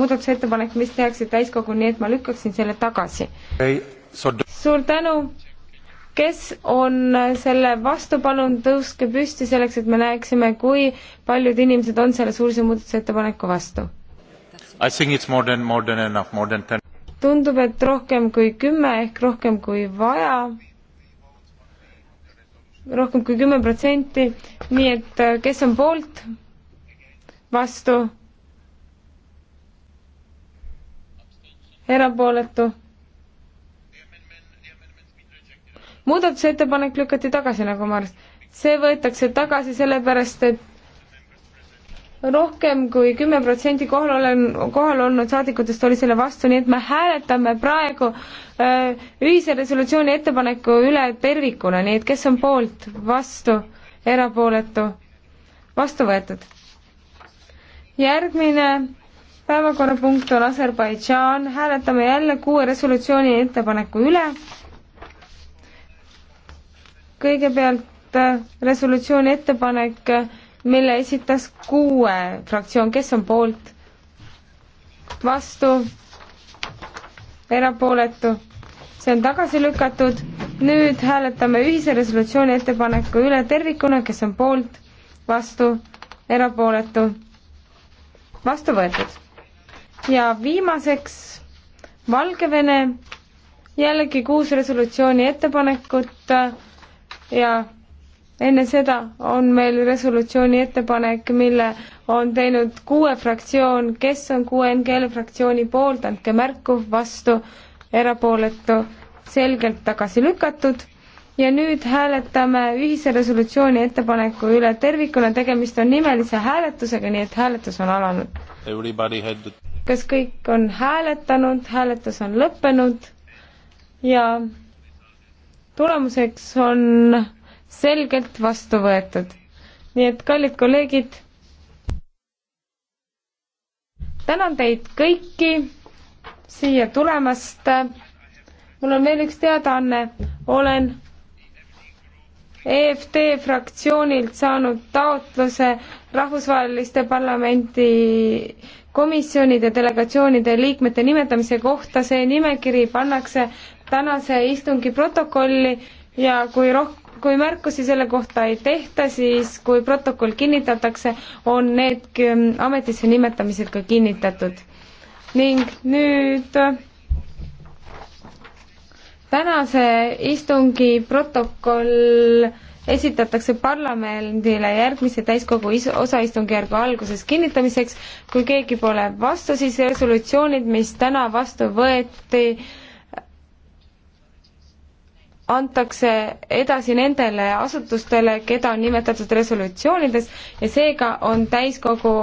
muudatusettepanek, mis tehakse täiskogul, nii et ma lükkaksin selle tagasi. suur tänu! kes on selle vastu, palun tõuske püsti selleks, et me näeksime, kui paljud inimesed on selle suurse muudatusettepaneku vastu. tundub, et rohkem kui kümme ehk rohkem kui vaja rohkem kui kümme protsenti, nii et äh, kes on poolt, vastu, erapooletu. muudatusettepanek lükati tagasi, nagu ma arvasin. see võetakse tagasi sellepärast, et rohkem kui kümme protsenti kohal olen, kohal olnud saadikutest oli selle vastu, nii et me hääletame praegu öö, äh, ühise resolutsiooni ettepaneku üle tervikuna, nii et kes on poolt, vastu, erapooletu, vastu võetud. järgmine päevakorrapunkt on Aserbaidžaan, hääletame jälle kuue resolutsiooni ettepaneku üle. kõigepealt äh, resolutsiooni ettepanek, mille esitas kuue fraktsioon, kes on poolt? vastu? erapooletu? see on tagasi lükatud, nüüd hääletame ühise resolutsiooni ettepaneku üle tervikuna, kes on poolt, vastu, erapooletu, vastu võetud ja viimaseks Valgevene, jällegi kuus resolutsiooni ettepanekut ja enne seda on meil resolutsiooni ettepanek, mille on teinud kuue fraktsioon, kes on kuue NGL fraktsiooni poolt, andke märku, vastu, erapooletu, selgelt tagasi lükatud ja nüüd hääletame ühise resolutsiooni ettepaneku üle tervikuna, tegemist on nimelise hääletusega, nii et hääletus on alanud. The kas kõik on hääletanud, hääletus on lõppenud ja tulemuseks on selgelt vastu võetud. nii et kallid kolleegid, tänan teid kõiki siia tulemast. mul on veel üks teadaanne, olen EFT fraktsioonilt saanud taotluse rahvusvaheliste parlamendi komisjonide delegatsioonide liikmete nimetamise kohta, see nimekiri pannakse tänase istungi protokolli ja kui roh-, kui märkusi selle kohta ei tehta, siis kui protokoll kinnitatakse, on need ametisse nimetamised ka kinnitatud. ning nüüd tänase istungi protokoll esitatakse parlamendile järgmise täiskogu is-, osaistungjärgu alguses kinnitamiseks. kui keegi pole vastu, siis resolutsioonid, mis täna vastu võeti, antakse edasi nendele asutustele, keda on nimetatud resolutsioonides ja seega on täiskogu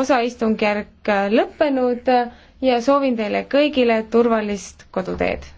osaistungjärk lõppenud ja soovin teile kõigile turvalist koduteed.